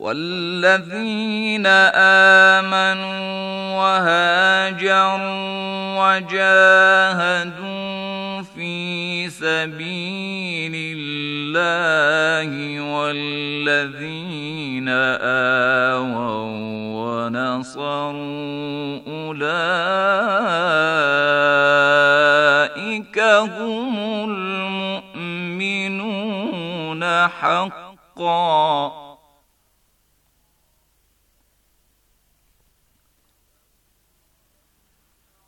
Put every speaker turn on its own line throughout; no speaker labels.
والذين امنوا وهاجروا وجاهدوا في سبيل الله والذين اووا ونصروا اولئك هم المؤمنون حقا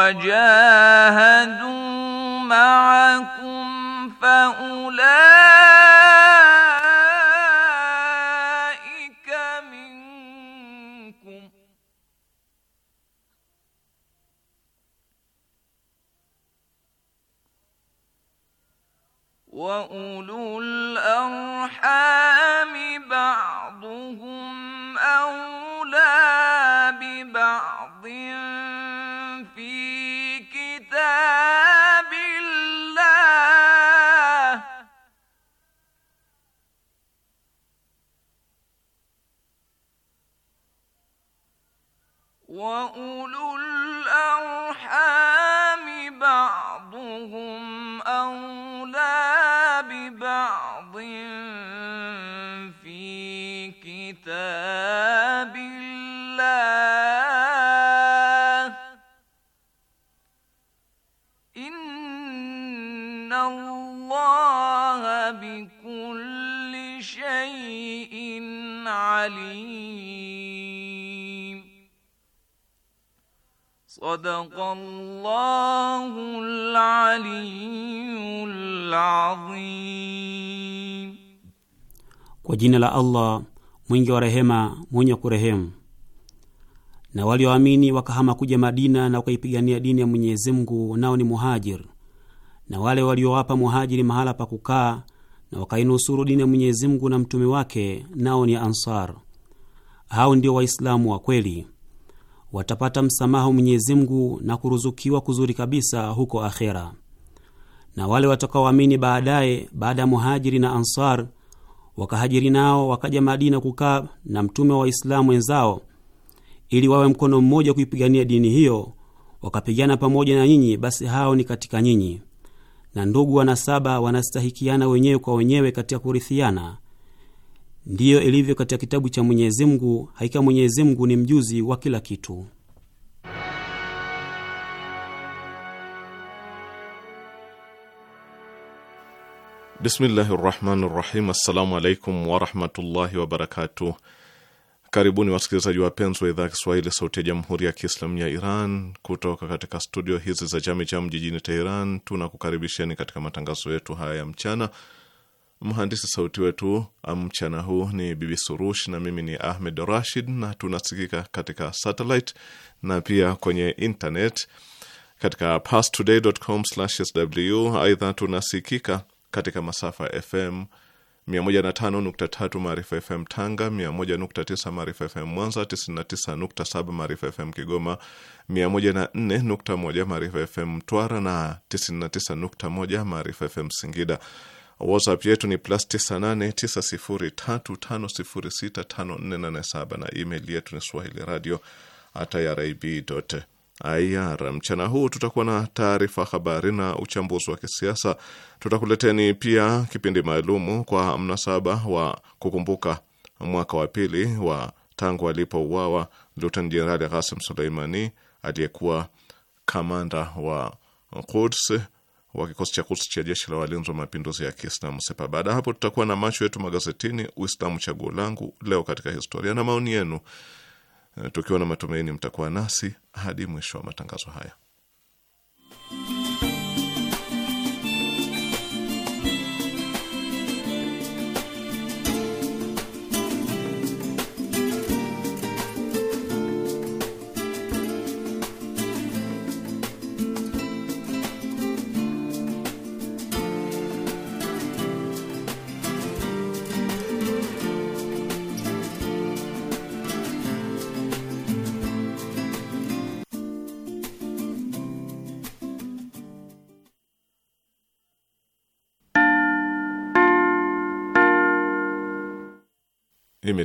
وجاهدوا معكم فأولئك منكم وأولو الأرحام بعضهم أولئك وأولو الأرحام Sadaqallahul Aliyyul Azim.
Kwa jina la Allah mwingi wa rehema mwenye kurehemu. Na walioamini wa wakahama kuja Madina na wakaipigania dini ya Mwenyezi Mungu, nao ni muhajir, na wale waliowapa muhajiri mahala pa kukaa na wakainusuru dini ya Mwenyezi Mungu na mtume wake, nao ni ansar. Hao ndio Waislamu wa kweli watapata msamaha Mwenyezi Mungu na kuruzukiwa kuzuri kabisa huko akhera. Na wale watakaoamini baadaye, baada ya Muhajiri na Ansar wakahajiri nao wakaja Madina kukaa na mtume wa Waislamu wenzao ili wawe mkono mmoja kuipigania dini hiyo, wakapigana pamoja na nyinyi, basi hao ni katika nyinyi, na ndugu wanasaba wanastahikiana wenyewe kwa wenyewe katika kurithiana Ndiyo ilivyo katika kitabu cha Mwenyezi Mungu, hakika Mwenyezi Mungu ni mjuzi wa kila kitu.
Bismillahi rahmani rahim. Assalamu alaikum warahmatullahi wabarakatuh. Karibuni wasikilizaji wapenzi wa idhaa ya Kiswahili sauti ya jamhuri ya Kiislamu ya Iran kutoka katika studio hizi za Jamijam jijini Teheran. Tunakukaribisheni katika matangazo yetu haya ya mchana Mhandisi sauti wetu uh, mchana huu ni Bibi Surush na mimi ni Ahmed Rashid, na tunasikika katika satellite na pia kwenye internet katika pastoday.com/sw. Aidha, tunasikika katika masafa FM 105.3 Maarifa FM Tanga, 101.9 Maarifa FM Mwanza, 99.7 Maarifa FM Kigoma, 104.1 Maarifa FM Mtwara na 99.1 Maarifa FM Singida. WhatsApp yetu ni plus 989035065487 na email yetu ni swahili radio irib.ir. Mchana huu tutakuwa na taarifa habari na uchambuzi wa kisiasa. Tutakuleteni pia kipindi maalumu kwa mnasaba wa kukumbuka mwaka wa pili wa tangu alipouawa Luteni Jenerali Ghasim Suleimani aliyekuwa kamanda wa Quds wa kikosi cha kursi cha jeshi la walinzi wa mapinduzi ya Kiislamu Sepa. Baada ya hapo, tutakuwa na macho yetu magazetini, Uislamu chaguo langu, leo katika historia na maoni yenu, eh, tukiwa na matumaini mtakuwa nasi hadi mwisho wa matangazo haya.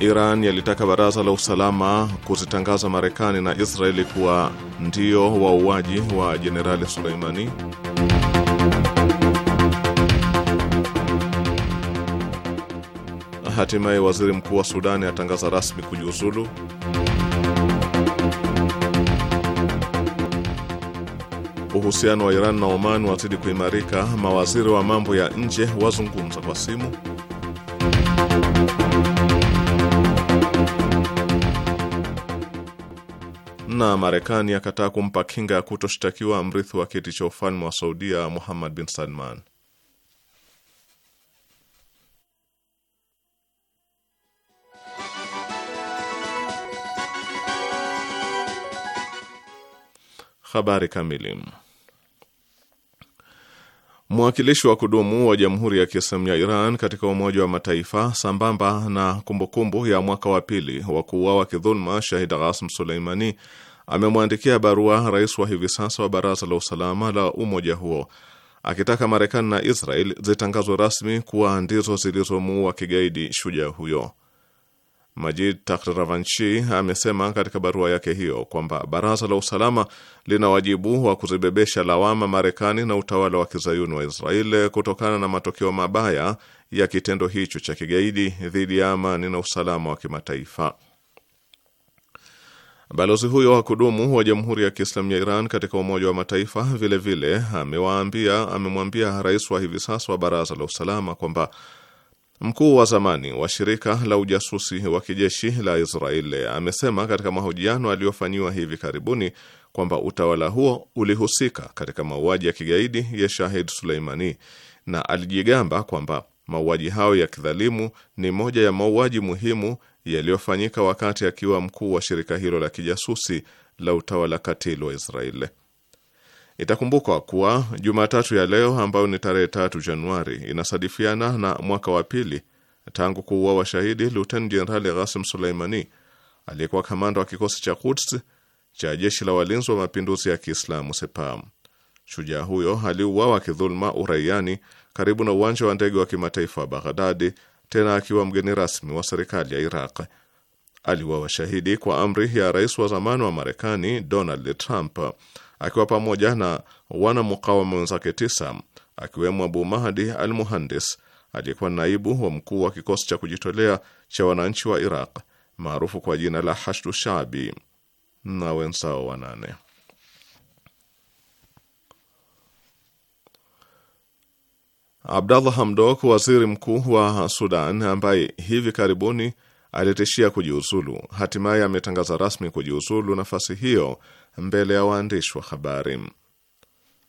Iran yalitaka baraza la usalama kuzitangaza Marekani na Israeli kuwa ndio wauaji wa jenerali Suleimani. Hatimaye waziri mkuu wa Sudani atangaza rasmi kujiuzulu. Uhusiano wa Iran na Oman wazidi kuimarika. Mawaziri wa mambo ya nje wazungumza kwa simu. na Marekani akataa kumpa kinga ya kutoshtakiwa mrithi wa kiti cha ufalme wa Saudia Muhammad bin Salman. Habari kamili. Mwakilishi wa kudumu wa Jamhuri ya Kiislamu ya Iran katika Umoja wa Mataifa sambamba na kumbukumbu ya mwaka wa pili wa kuuawa kidhulma shahid Qasim Suleimani amemwandikia barua rais wa hivi sasa wa Baraza la Usalama la umoja huo akitaka Marekani na Israel zitangazwe rasmi kuwa ndizo zilizomuua kigaidi shujaa huyo. Majid Takhtravanchi amesema katika barua yake hiyo kwamba Baraza la Usalama lina wajibu wa kuzibebesha lawama Marekani na utawala wa kizayuni wa israel kutokana na matokeo mabaya ya kitendo hicho cha kigaidi dhidi ya amani na usalama wa kimataifa. Balozi huyo wa kudumu wa Jamhuri ya Kiislamu ya Iran katika Umoja wa Mataifa vilevile amewaambia amemwambia rais wa hivi sasa wa Baraza la Usalama kwamba mkuu wa zamani wa shirika la ujasusi wa kijeshi la Israeli amesema katika mahojiano aliyofanyiwa hivi karibuni kwamba utawala huo ulihusika katika mauaji ya kigaidi ya Shahid Suleimani na alijigamba kwamba mauaji hayo ya kidhalimu ni moja ya mauaji muhimu yaliyofanyika wakati akiwa mkuu wa shirika hilo la kijasusi la utawala katili wa Israeli. Itakumbukwa kuwa Jumatatu ya leo ambayo ni tarehe tatu Januari inasadifiana na mwaka wa pili tangu kuuawa shahidi Luten Jenerali Ghasim Suleimani aliyekuwa kamanda wa kikosi cha Quds cha jeshi la walinzi wa mapinduzi ya Kiislamu Sepam. Shujaa huyo aliuawa kidhuluma uraiani karibu na uwanja wa ndege wa kimataifa wa Baghdadi tena akiwa mgeni rasmi wa serikali ya Iraq. Aliwa washahidi kwa amri ya rais wa zamani wa Marekani Donald Trump akiwa pamoja na wanamukawama wenzake tisa akiwemo Abu Mahdi al Muhandis aliyekuwa naibu wa mkuu wa kikosi cha kujitolea cha wananchi wa Iraq maarufu kwa jina la Hashdu Shaabi na wenzao wanane. Abdallah Hamdok, waziri mkuu wa Sudan ambaye hivi karibuni alitishia kujiuzulu, hatimaye ametangaza rasmi kujiuzulu nafasi hiyo mbele ya waandishi wa habari.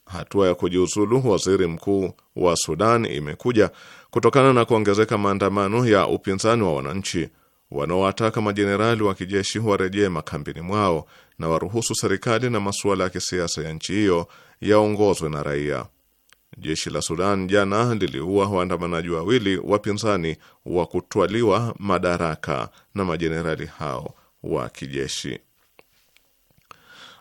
Hatua ya kujiuzulu waziri mkuu wa Sudan imekuja kutokana na kuongezeka maandamano ya upinzani wa wananchi wanaowataka majenerali wa kijeshi warejee makambini mwao na waruhusu serikali na masuala ya kisiasa ya nchi hiyo yaongozwe na raia. Jeshi la Sudan jana liliua waandamanaji wawili wapinzani wa kutwaliwa madaraka na majenerali hao wa kijeshi.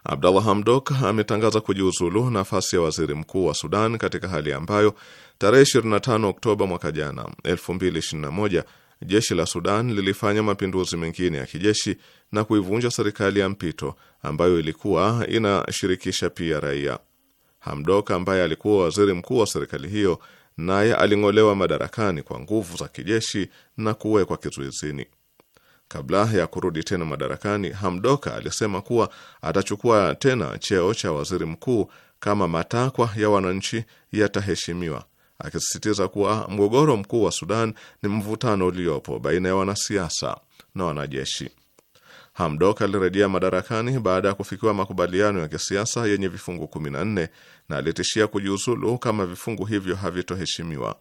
Abdallah Hamdok ametangaza kujiuzulu nafasi ya waziri mkuu wa Sudan katika hali ambayo tarehe 25 Oktoba mwaka jana 2021 jeshi la Sudan lilifanya mapinduzi mengine ya kijeshi na kuivunja serikali ya mpito ambayo ilikuwa inashirikisha pia raia. Hamdok ambaye alikuwa waziri mkuu wa serikali hiyo naye aling'olewa madarakani kwa nguvu za kijeshi na kuwekwa kizuizini. Kabla ya kurudi tena madarakani, Hamdoka alisema kuwa atachukua tena cheo cha waziri mkuu kama matakwa ya wananchi yataheshimiwa, akisisitiza kuwa mgogoro mkuu wa Sudan ni mvutano uliopo baina ya wanasiasa na wanajeshi. Hamdok alirejea madarakani baada ya kufikiwa makubaliano ya kisiasa yenye vifungu 14 na alitishia kujiuzulu kama vifungu hivyo havitoheshimiwa.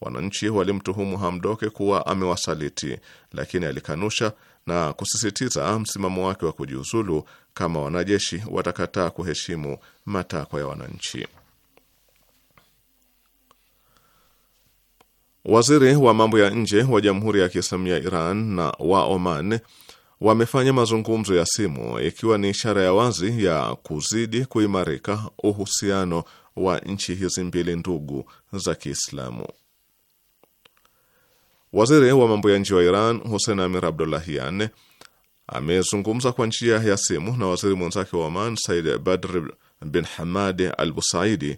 Wananchi walimtuhumu Hamdok kuwa amewasaliti, lakini alikanusha na kusisitiza msimamo wake wa kujiuzulu kama wanajeshi watakataa kuheshimu matakwa ya wananchi. Waziri wa mambo ya nje wa Jamhuri ya Kiislamu ya Iran na wa Oman wamefanya mazungumzo ya simu ikiwa ni ishara ya wazi ya kuzidi kuimarika uhusiano wa nchi hizi mbili ndugu za Kiislamu. Waziri wa mambo ya nje wa Iran Hussein Amir Abdollahian amezungumza kwa njia ya simu na waziri mwenzake wa Oman Said Badr bin Hamad Al Busaidi,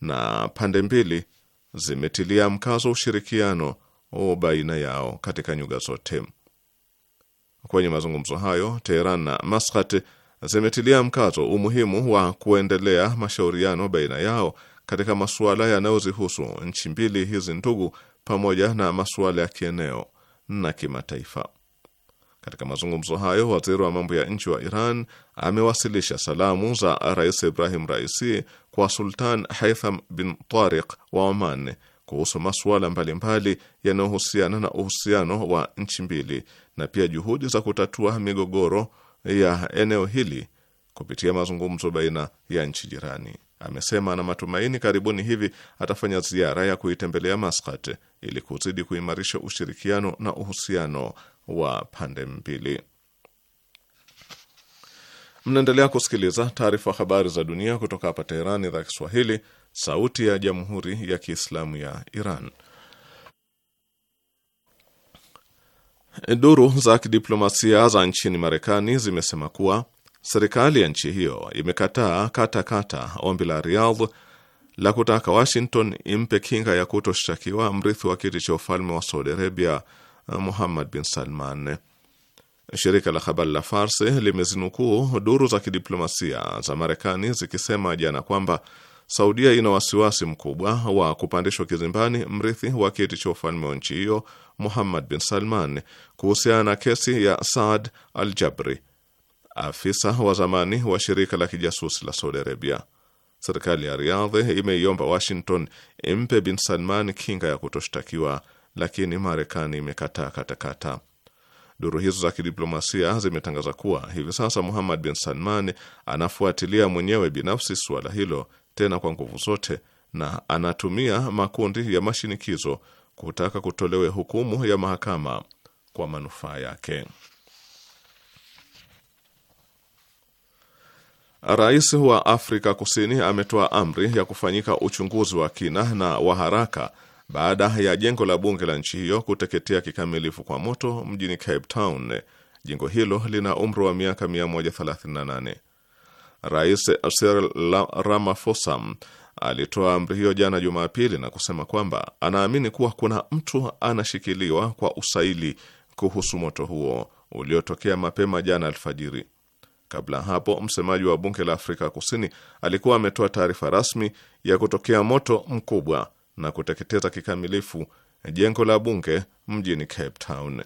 na pande mbili zimetilia mkazo ushirikiano baina yao katika nyuga zote. Kwenye mazungumzo hayo, Teheran na Maskat zimetilia mkazo umuhimu wa kuendelea mashauriano baina yao katika masuala yanayozihusu nchi mbili hizi ndugu, pamoja na masuala ya kieneo na kimataifa. Katika mazungumzo hayo, waziri wa mambo ya nchi wa Iran amewasilisha salamu za Rais Ibrahim Raisi kwa Sultan Haitham bin Tariq wa Oman kuhusu masuala mbalimbali yanayohusiana na uhusiano wa nchi mbili na pia juhudi za kutatua migogoro ya eneo hili kupitia mazungumzo baina ya nchi jirani. Amesema ana matumaini karibuni hivi atafanya ziara ya kuitembelea Maskat ili kuzidi kuimarisha ushirikiano na uhusiano wa pande mbili. Mnaendelea kusikiliza taarifa habari za dunia kutoka hapa Teherani, idhaa Kiswahili, Sauti ya Jamhuri ya Kiislamu ya Iran. Duru za kidiplomasia za nchini Marekani zimesema kuwa serikali ya nchi hiyo imekataa kata ombi la Riyadh la kutaka Washington impe kinga ya kutoshtakiwa mrithi wa kiti cha ufalme wa Saudi Arabia Muhammad bin Salman. Shirika la habari la Farsi limezinukuu duru za kidiplomasia za Marekani zikisema jana kwamba Saudia ina wasiwasi mkubwa wa kupandishwa kizimbani mrithi wa kiti cha ufalme wa nchi hiyo Muhammad bin Salman kuhusiana na kesi ya Saad al Jabri, afisa wa zamani wa shirika la kijasusi la Saudi Arabia. Serikali ya Riyadh imeiomba Washington impe bin Salman kinga ya kutoshtakiwa, lakini Marekani imekataa katakata. Duru hizo za kidiplomasia zimetangaza kuwa hivi sasa Muhammad bin Salman anafuatilia mwenyewe binafsi suala hilo tena kwa nguvu zote, na anatumia makundi ya mashinikizo kutaka kutolewe hukumu ya mahakama kwa manufaa yake. Rais wa Afrika Kusini ametoa amri ya kufanyika uchunguzi wa kina na wa haraka baada ya jengo la bunge la nchi hiyo kuteketea kikamilifu kwa moto mjini Cape Town. Jengo hilo lina umri wa miaka 138. Rais Cyril Ramaphosa alitoa amri hiyo jana Jumapili na kusema kwamba anaamini kuwa kuna mtu anashikiliwa kwa usaili kuhusu moto huo uliotokea mapema jana alfajiri. Kabla hapo msemaji wa bunge la Afrika Kusini alikuwa ametoa taarifa rasmi ya kutokea moto mkubwa na kuteketeza kikamilifu jengo la bunge mjini Cape Town.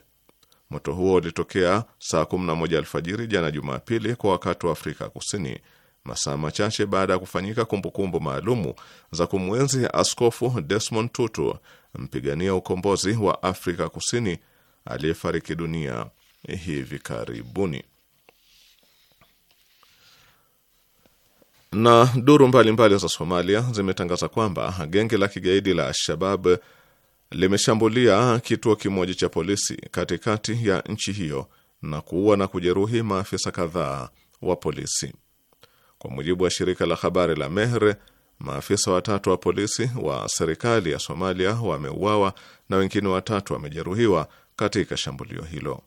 Moto huo ulitokea saa 11 alfajiri jana Jumapili kwa wakati wa Afrika Kusini, masaa machache baada ya kufanyika kumbukumbu maalumu za kumwenzi Askofu Desmond Tutu, mpigania ukombozi wa Afrika Kusini aliyefariki dunia hivi karibuni. Na duru mbalimbali mbali za Somalia zimetangaza kwamba genge la kigaidi la Al-Shabab limeshambulia kituo kimoja cha polisi katikati ya nchi hiyo na kuua na kujeruhi maafisa kadhaa wa polisi. Kwa mujibu wa shirika la habari la Mehre, maafisa watatu wa polisi wa serikali ya Somalia wameuawa na wengine watatu wamejeruhiwa katika shambulio hilo.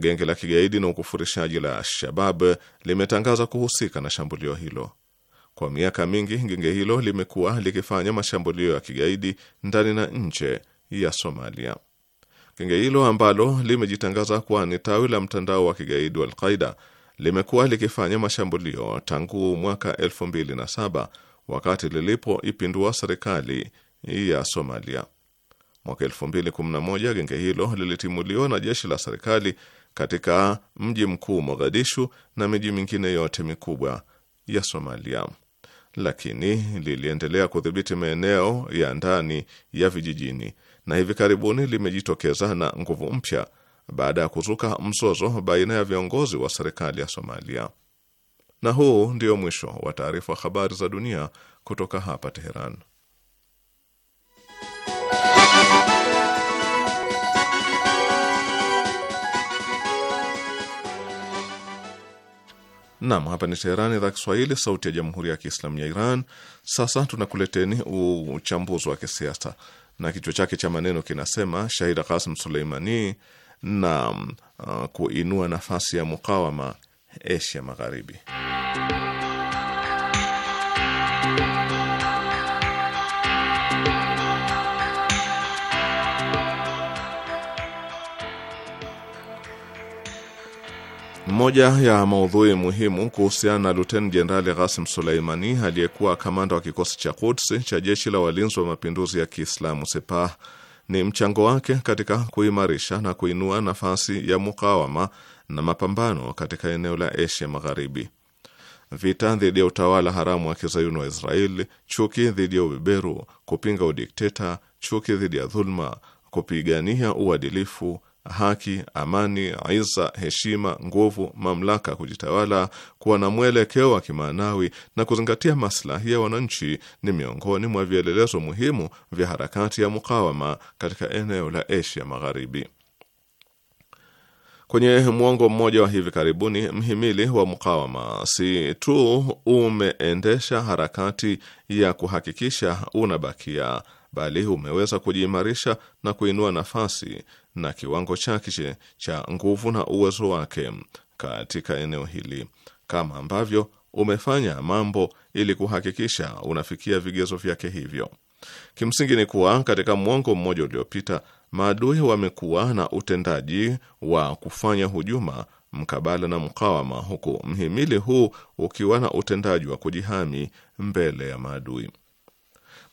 Genge la kigaidi na ukufurishaji la shabab limetangaza kuhusika na shambulio hilo. Kwa miaka mingi genge hilo limekuwa likifanya mashambulio ya kigaidi ndani na nje ya Somalia. Genge hilo ambalo limejitangaza kuwa ni tawi la mtandao wa kigaidi wa Alqaida limekuwa likifanya mashambulio tangu mwaka 2007 wakati lilipoipindua serikali ya Somalia. Mwaka 2011 genge hilo lilitimuliwa na jeshi la serikali katika mji mkuu Mogadishu na miji mingine yote mikubwa ya Somalia lakini liliendelea kudhibiti maeneo ya ndani ya vijijini na hivi karibuni limejitokeza na nguvu mpya baada ya kuzuka mzozo baina ya viongozi wa serikali ya Somalia. Na huu ndio mwisho wa taarifa habari za dunia kutoka hapa Teheran. Nam, hapa ni Teherani, idhaa Kiswahili, sauti ya jamhuri ya kiislamu ya Iran. Sasa tunakuleteni uchambuzi wa kisiasa na kichwa chake cha maneno kinasema shahid Qasim Suleimani na uh, kuinua nafasi ya mukawama Asia Magharibi. Moja ya maudhui muhimu kuhusiana na Luteni Jenerali Ghasim Suleimani aliyekuwa kamanda wa kikosi cha Quds cha jeshi la walinzi wa mapinduzi ya Kiislamu Sepah ni mchango wake katika kuimarisha na kuinua nafasi ya mukawama na mapambano katika eneo la Asia Magharibi. Vita dhidi ya utawala haramu wa kizayuni wa Israeli, chuki dhidi ya ubeberu, kupinga udikteta, chuki dhidi ya dhuluma, kupigania uadilifu haki, amani, iza, heshima, nguvu, mamlaka, kujitawala, kuwa na mwelekeo wa kimaanawi na kuzingatia maslahi ya wananchi ni miongoni mwa vielelezo muhimu vya harakati ya mukawama katika eneo la Asia Magharibi. Kwenye mwongo mmoja wa hivi karibuni, mhimili wa mukawama si tu umeendesha harakati ya kuhakikisha unabakia, bali umeweza kujiimarisha na kuinua nafasi na kiwango chake cha nguvu na uwezo wake katika eneo hili, kama ambavyo umefanya mambo ili kuhakikisha unafikia vigezo vyake hivyo. Kimsingi ni kuwa katika mwongo mmoja uliopita, maadui wamekuwa na utendaji wa kufanya hujuma mkabala na mkawama, huku mhimili huu ukiwa na utendaji wa kujihami mbele ya maadui.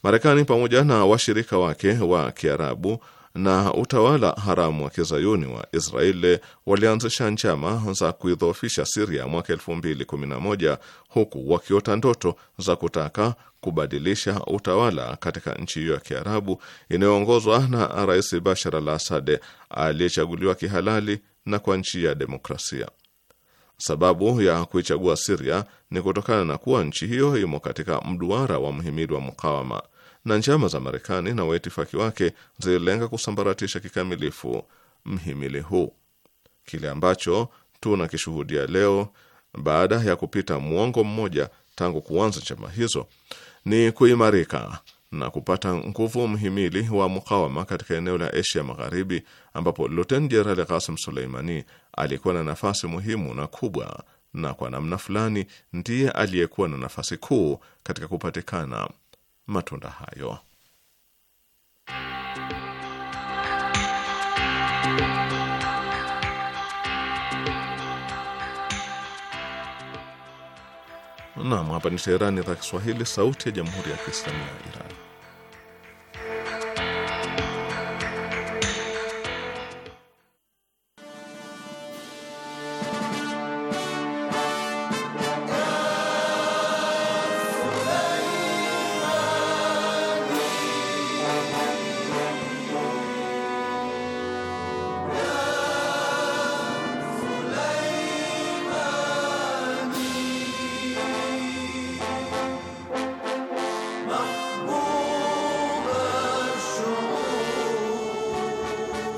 Marekani pamoja na washirika wake wa Kiarabu na utawala haramu wa kizayuni wa Israeli walianzisha njama za kuidhoofisha Siria mwaka moja huku wakiota ndoto za kutaka kubadilisha utawala katika nchi hiyo ya kiarabu inayoongozwa na Rais Bashar al Assad aliyechaguliwa kihalali na kwa njia ya demokrasia. Sababu ya kuichagua Siria ni kutokana na kuwa nchi hiyo imo katika mduara wa mhimili wa mukawama na njama za Marekani na waitifaki wake zililenga kusambaratisha kikamilifu mhimili huu. Kile ambacho tunakishuhudia leo baada ya kupita mwongo mmoja tangu kuanza chama hizo ni kuimarika na kupata nguvu mhimili wa mukawama katika eneo la Asia Magharibi, ambapo Luten Jenerali Qasim Suleimani alikuwa na nafasi muhimu na kubwa, na kwa namna fulani ndiye aliyekuwa na nafasi kuu katika kupatikana matunda hayo. Naam, hapa ni Teherani, idhaa Kiswahili, sauti ya jamhuri ya kiislamu ya Iran.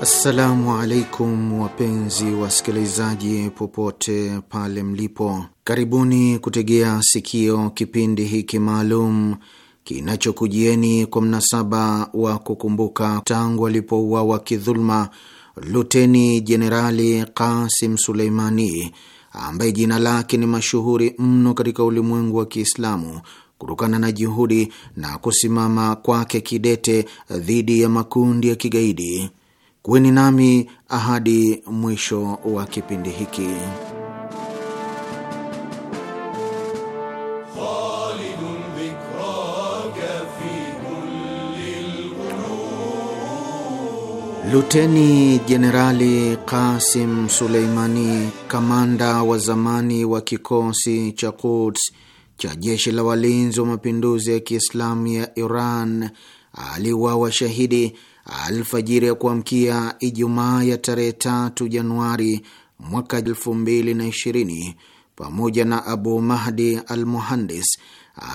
Assalamu alaikum wapenzi wasikilizaji, popote pale mlipo, karibuni kutegea sikio kipindi hiki maalum kinachokujieni kwa mnasaba wa kukumbuka tangu alipouawa kidhuluma Luteni Jenerali Kasim Suleimani ambaye jina lake ni mashuhuri mno katika ulimwengu wa Kiislamu kutokana na juhudi na kusimama kwake kidete dhidi ya makundi ya kigaidi. Kuweni nami ahadi mwisho wa kipindi hiki. Luteni Jenerali Kasim Suleimani, kamanda wa zamani wa kikosi cha Quds cha jeshi la walinzi wa mapinduzi ya Kiislamu ya Iran, aliuawa shahidi alfajiri ya kuamkia Ijumaa ya tarehe 3 Januari mwaka ishirini pamoja na Abu Mahdi al Muhandis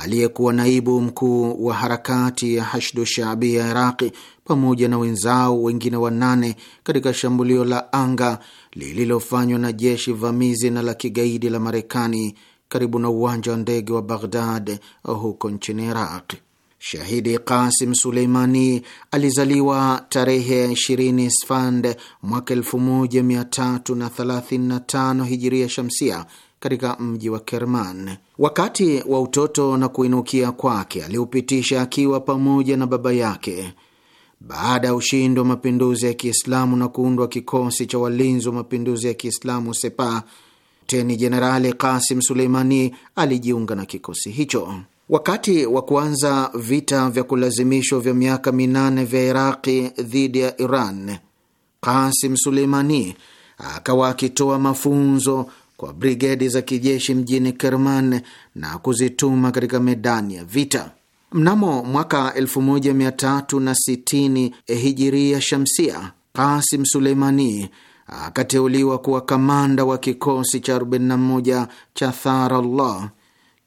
aliyekuwa naibu mkuu wa harakati ya Hashdu Shaabi ya Iraqi pamoja na wenzao wengine wanane katika shambulio la anga lililofanywa na jeshi vamizi na la kigaidi la Marekani karibu na uwanja wa ndege wa Baghdad huko nchini Iraqi. Shahidi Kasim Suleimani alizaliwa tarehe 20 Sfand mwaka 1335 hijiria shamsia katika mji wa Kerman. Wakati wa utoto na kuinukia kwake aliupitisha akiwa pamoja na baba yake. Baada ya ushindi wa mapinduzi ya Kiislamu na kuundwa kikosi cha walinzi wa mapinduzi ya Kiislamu sepa Luteni Jenerali Kasim Suleimani alijiunga na kikosi hicho. Wakati wa kuanza vita vya kulazimishwa vya miaka minane vya Iraqi dhidi ya Iran, Kasim Suleimani akawa akitoa mafunzo kwa brigedi za kijeshi mjini Kerman na kuzituma katika medani ya vita. Mnamo mwaka 1360 hijiria shamsia, Kasim Suleimani akateuliwa kuwa kamanda wa kikosi cha 41 cha Tharallah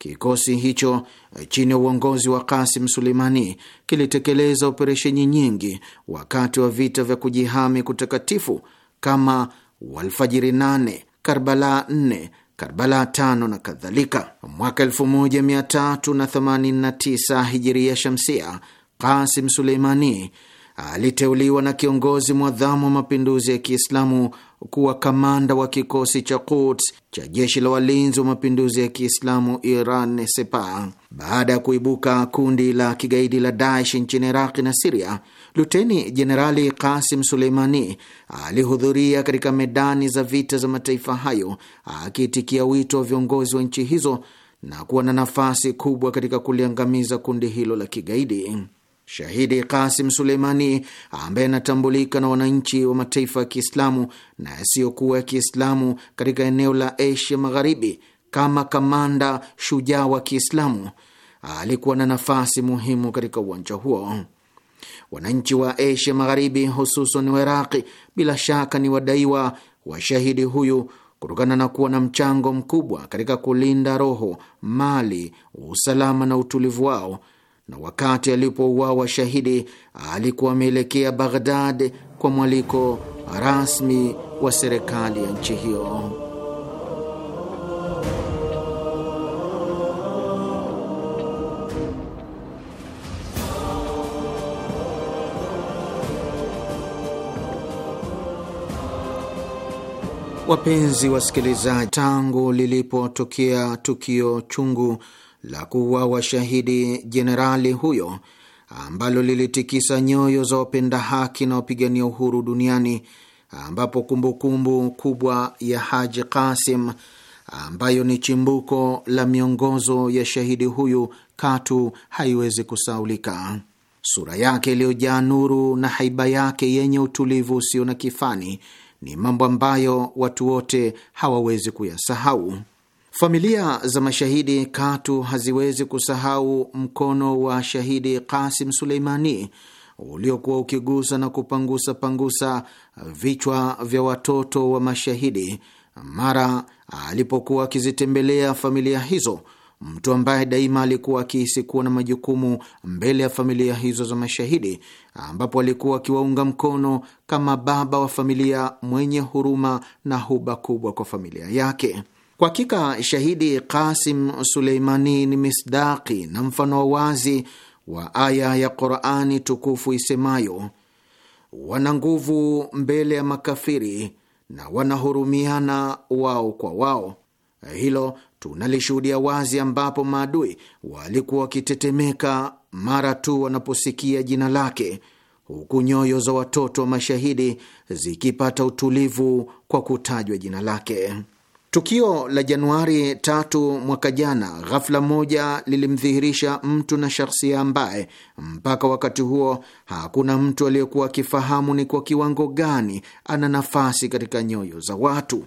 Kikosi hicho eh, chini ya uongozi wa Kasim Suleimani kilitekeleza operesheni nyingi wakati wa vita vya kujihami kutakatifu kama Walfajiri 8, Karbala 4, Karbala 5 na kadhalika. Mwaka 1389 hijiria shamsia, Kasim Suleimani aliteuliwa na kiongozi mwadhamu wa mapinduzi ya Kiislamu kuwa kamanda wa kikosi cha Quds cha jeshi la walinzi wa mapinduzi ya Kiislamu Iran Sepa. Baada ya kuibuka kundi la kigaidi la Daesh nchini Iraqi na Siria, Luteni Jenerali Kasim Suleimani alihudhuria katika medani za vita za mataifa hayo akiitikia wito wa viongozi wa nchi hizo na kuwa na nafasi kubwa katika kuliangamiza kundi hilo la kigaidi. Shahidi Kasim Suleimani, ambaye anatambulika na wananchi wa mataifa ya Kiislamu na yasiyokuwa ya Kiislamu katika eneo la Asia Magharibi kama kamanda shujaa wa Kiislamu, alikuwa na nafasi muhimu katika uwanja huo. Wananchi wa Asia Magharibi, hususan wa Iraqi, bila shaka ni wadaiwa wa shahidi huyu kutokana na kuwa na mchango mkubwa katika kulinda roho, mali, usalama na utulivu wao na wakati alipouawa shahidi alikuwa ameelekea Baghdad kwa mwaliko rasmi wa serikali ya nchi hiyo. Wapenzi wasikilizaji, tangu lilipotokea tukio chungu la kuuawa shahidi jenerali huyo ambalo lilitikisa nyoyo za wapenda haki na wapigania uhuru duniani, ambapo kumbukumbu kumbu kubwa ya Haji Kasim ambayo ni chimbuko la miongozo ya shahidi huyu katu haiwezi kusaulika. Sura yake iliyojaa nuru na haiba yake yenye utulivu usio na kifani ni mambo ambayo watu wote hawawezi kuyasahau. Familia za mashahidi katu haziwezi kusahau mkono wa shahidi Kasim Suleimani uliokuwa ukigusa na kupangusa pangusa vichwa vya watoto wa mashahidi mara alipokuwa akizitembelea familia hizo, mtu ambaye daima alikuwa akihisi kuwa na majukumu mbele ya familia hizo za mashahidi, ambapo alikuwa akiwaunga mkono kama baba wa familia mwenye huruma na huba kubwa kwa familia yake. Kwa hakika shahidi kasim Suleimani ni misdaki na mfano wa wazi wa aya ya Qurani tukufu isemayo, wana nguvu mbele ya makafiri na wanahurumiana wao kwa wao. Hilo tunalishuhudia wazi, ambapo maadui walikuwa wakitetemeka mara tu wanaposikia jina lake, huku nyoyo za watoto wa mashahidi zikipata utulivu kwa kutajwa jina lake. Tukio la Januari tatu mwaka jana ghafula moja lilimdhihirisha mtu na shakhsia ambaye mpaka wakati huo hakuna mtu aliyekuwa akifahamu ni kwa kiwango gani ana nafasi katika nyoyo za watu.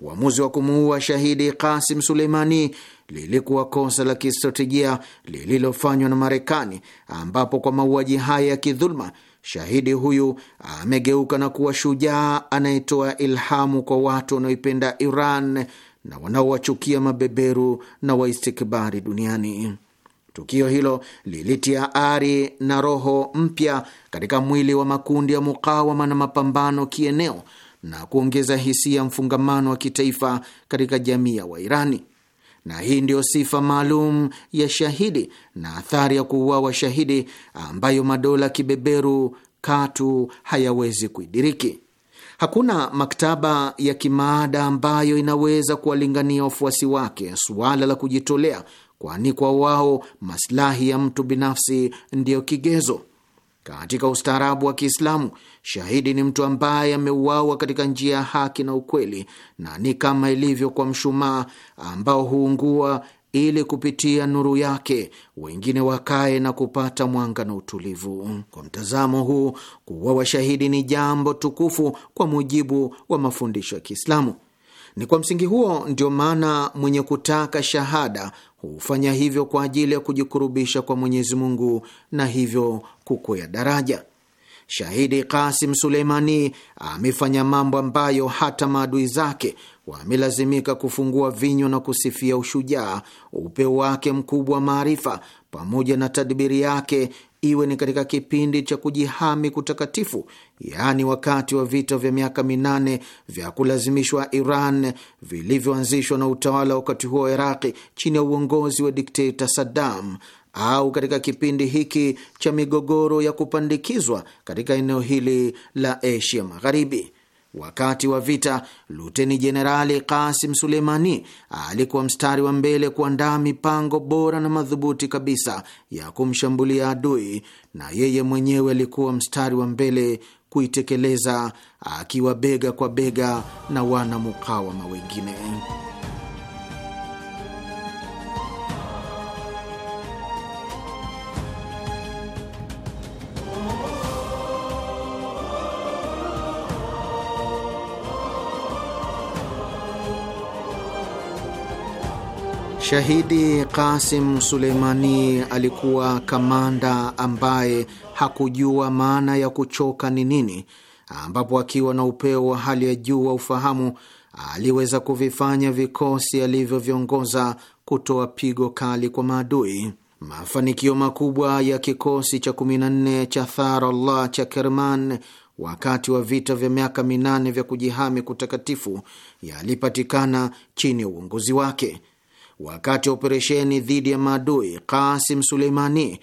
Uamuzi wa kumuua shahidi Kasim Suleimani lilikuwa kosa la kistratejia lililofanywa na Marekani, ambapo kwa mauaji haya ya kidhuluma Shahidi huyu amegeuka na kuwa shujaa anayetoa ilhamu kwa watu wanaoipenda Iran na wanaowachukia mabeberu na waistikbari duniani. Tukio hilo lilitia ari na roho mpya katika mwili wa makundi ya mukawama na mapambano kieneo na kuongeza hisia mfungamano wa kitaifa katika jamii ya Wairani na hii ndiyo sifa maalum ya shahidi na athari ya kuuawa shahidi ambayo madola kibeberu katu hayawezi kuidiriki. Hakuna maktaba ya kimaada ambayo inaweza kuwalingania wafuasi wake suala la kujitolea, kwani kwa wao maslahi ya mtu binafsi ndiyo kigezo. Katika ustaarabu wa Kiislamu, shahidi ni mtu ambaye ameuawa katika njia ya haki na ukweli, na ni kama ilivyo kwa mshumaa ambao huungua ili kupitia nuru yake wengine wakae na kupata mwanga na utulivu. Kwa mtazamo huu, kuwa shahidi ni jambo tukufu kwa mujibu wa mafundisho ya Kiislamu. Ni kwa msingi huo ndio maana mwenye kutaka shahada hufanya hivyo kwa ajili ya kujikurubisha kwa Mwenyezi Mungu na hivyo kukwea daraja. Shahidi Kasim Suleimani amefanya mambo ambayo hata maadui zake wamelazimika kufungua vinywa na kusifia ushujaa, upeo wake mkubwa wa maarifa, pamoja na tadbiri yake iwe ni katika kipindi cha kujihami kutakatifu, yaani wakati wa vita vya miaka minane vya kulazimishwa Iran vilivyoanzishwa na utawala wakati huo wa Iraqi chini ya uongozi wa dikteta Saddam, au katika kipindi hiki cha migogoro ya kupandikizwa katika eneo hili la Asia Magharibi. Wakati wa vita, luteni jenerali Kasim Suleimani alikuwa mstari wa mbele kuandaa mipango bora na madhubuti kabisa ya kumshambulia adui, na yeye mwenyewe alikuwa mstari wa mbele kuitekeleza, akiwa bega kwa bega na wanamukawama wengine. Shahidi Kasim Suleimani alikuwa kamanda ambaye hakujua maana ya kuchoka ni nini, ambapo akiwa na upeo wa hali ya juu wa ufahamu aliweza kuvifanya vikosi alivyoviongoza kutoa pigo kali kwa maadui. Mafanikio makubwa ya kikosi cha 14 cha Tharallah cha Kerman wakati wa vita vya miaka minane vya kujihami kutakatifu yalipatikana chini ya uongozi wake wakati wa operesheni dhidi ya maadui, Kasim Suleimani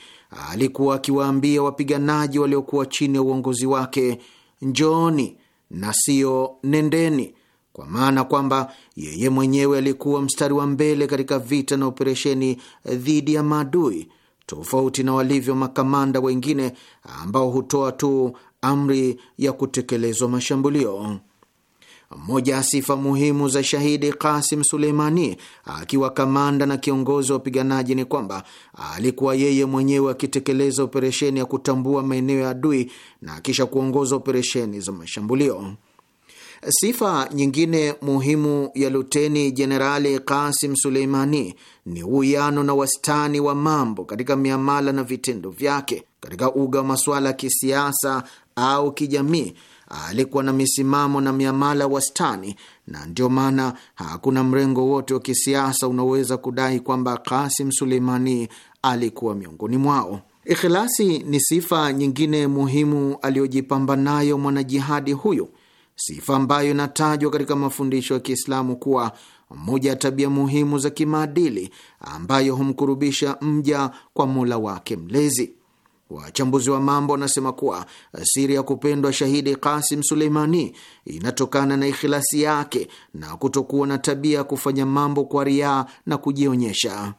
alikuwa akiwaambia wapiganaji waliokuwa chini ya uongozi wake, njooni na sio nendeni, kwa maana kwamba yeye mwenyewe alikuwa mstari wa mbele katika vita na operesheni dhidi ya maadui, tofauti na walivyo makamanda wengine ambao hutoa tu amri ya kutekelezwa mashambulio. Moja ya sifa muhimu za shahidi Kasim Suleimani akiwa kamanda na kiongozi wa wapiganaji ni kwamba alikuwa yeye mwenyewe akitekeleza operesheni ya kutambua maeneo ya adui na kisha kuongoza operesheni za mashambulio. Sifa nyingine muhimu ya luteni jenerali Kasim Suleimani ni uwiano na wastani wa mambo katika miamala na vitendo vyake katika uga wa masuala ya kisiasa au kijamii alikuwa na misimamo na miamala wastani, na ndio maana hakuna mrengo wote wa kisiasa unaoweza kudai kwamba Kasim Suleimani alikuwa miongoni mwao. Ikhilasi ni sifa nyingine muhimu aliyojipamba nayo mwanajihadi huyo, sifa ambayo inatajwa katika mafundisho ya Kiislamu kuwa moja ya tabia muhimu za kimaadili ambayo humkurubisha mja kwa Mola wake Mlezi. Wachambuzi wa mambo wanasema kuwa siri ya kupendwa shahidi Kasim Suleimani inatokana na ikhilasi yake na kutokuwa na tabia ya kufanya mambo kwa riaa na kujionyesha.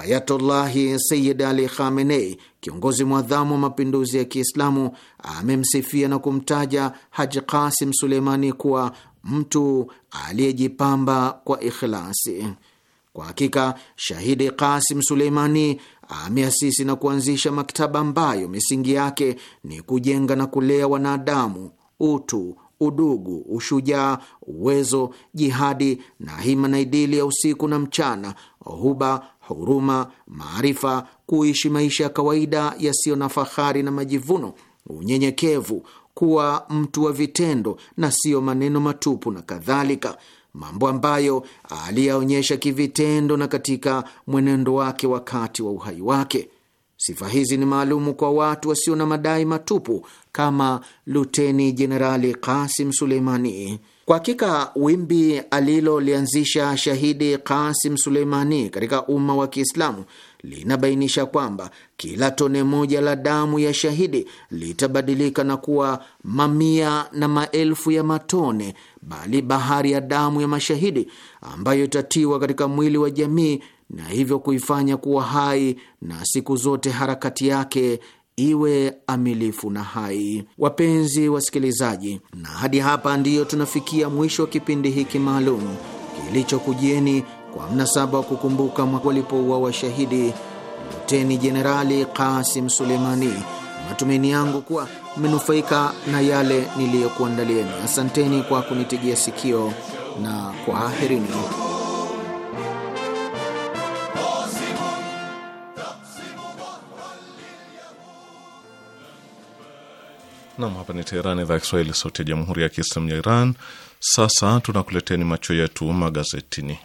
Ayatullahi Sayid Ali Khamenei, kiongozi mwadhamu wa mapinduzi ya Kiislamu, amemsifia na kumtaja Haji Kasim Suleimani kuwa mtu aliyejipamba kwa ikhilasi. Kwa hakika shahidi Kasim Suleimani ameasisi na kuanzisha maktaba ambayo misingi yake ni kujenga na kulea wanadamu, utu, udugu, ushujaa, uwezo, jihadi na hima na idili ya usiku na mchana, huba, huruma, maarifa, kuishi maisha ya kawaida yasiyo na fahari na majivuno, unyenyekevu, kuwa mtu wa vitendo na siyo maneno matupu na kadhalika, mambo ambayo aliyaonyesha kivitendo na katika mwenendo wake wakati wa uhai wake. Sifa hizi ni maalumu kwa watu wasio na madai matupu kama Luteni Jenerali Kasim Suleimani. Kwa hakika wimbi alilolianzisha shahidi Kasim Suleimani katika umma wa Kiislamu linabainisha kwamba kila tone moja la damu ya shahidi litabadilika na kuwa mamia na maelfu ya matone, bali bahari ya damu ya mashahidi ambayo itatiwa katika mwili wa jamii na hivyo kuifanya kuwa hai na siku zote harakati yake iwe amilifu na hai. Wapenzi wasikilizaji, na hadi hapa ndiyo tunafikia mwisho wa kipindi hiki maalum kilichokujieni kwa mnasaba wa kukumbuka walipouawa shahidi Luteni Jenerali Kasim Suleimani. Matumaini yangu kuwa mmenufaika na yale niliyokuandalieni. Asanteni kwa kunitegea sikio na kwaherini.
Nam, hapa ni Teheran, idhaa ya Kiswahili, sauti ya jamhuri ya kiislamu ya Iran. Sasa tunakuleteni macho yetu magazetini.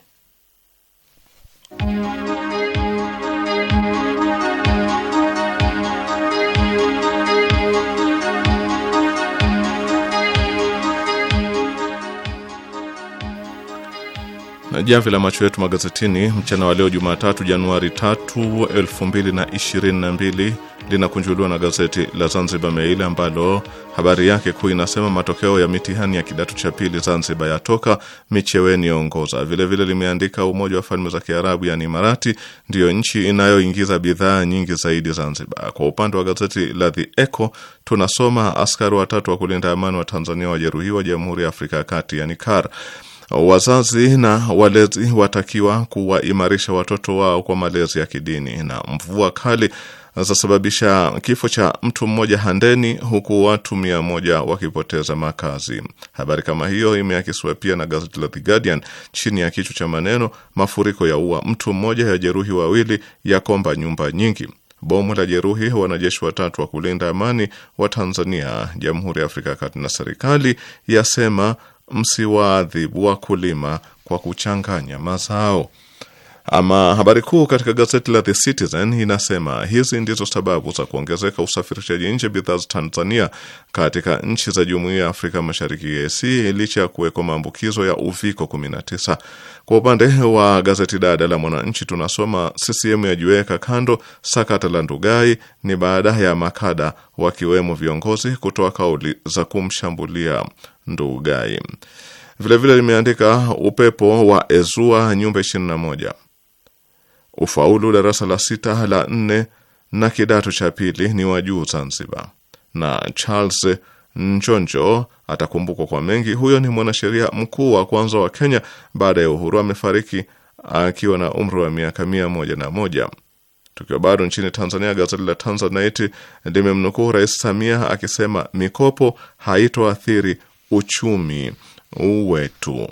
Jamvi la macho yetu magazetini mchana wa leo Jumatatu Januari 3, 2022 linakunjuliwa na gazeti la Zanzibar Mail ambalo habari yake kuu inasema matokeo ya mitihani ya kidato cha pili Zanzibar yatoka, Micheweni yaongoza. Vilevile limeandika Umoja wa Falme za Kiarabu yani Imarati ndiyo nchi inayoingiza bidhaa nyingi zaidi Zanzibar. Kwa upande wa gazeti la The Echo tunasoma askari watatu wa kulinda amani wa Tanzania wajeruhiwa Jamhuri ya Afrika ya Kati yani CAR. Wazazi na walezi watakiwa kuwaimarisha watoto wao kwa malezi ya kidini, na mvua kali zasababisha kifo cha mtu mmoja Handeni, huku watu mia moja wakipoteza makazi. Habari kama hiyo imeakisiwa pia na gazeti la The Guardian chini ya kichwa cha maneno mafuriko ya ua mtu mmoja, ya jeruhi wawili, yakomba nyumba nyingi. Bomu la jeruhi wanajeshi watatu wa kulinda amani wa Tanzania, Jamhuri ya Afrika ya Kati na serikali yasema msiwaadhibu wakulima kwa kuchanganya mazao. Ama habari kuu katika gazeti la The Citizen inasema hizi ndizo sababu za kuongezeka usafirishaji nje bidhaa za Tanzania katika nchi za Jumuiya ya Afrika Mashariki EAC licha ya kuwekwa maambukizo ya uviko 19. Kwa upande wa gazeti dada la Mwananchi tunasoma CCM yajiweka kando sakata la Ndugai, ni baada ya makada wakiwemo viongozi kutoa kauli za kumshambulia Ndugai. Vilevile limeandika upepo wa ezua nyumba 21 Ufaulu darasa la sita, la nne na kidato cha pili ni wa juu Zanzibar. Na Charles Njonjo atakumbukwa kwa mengi. Huyo ni mwanasheria mkuu wa kwanza wa Kenya baada ya uhuru. Amefariki akiwa na umri wa miaka mia moja na moja. Tukiwa bado nchini Tanzania, gazeti la Tanzanite limemnukuu Rais Samia akisema mikopo haitoathiri uchumi wetu.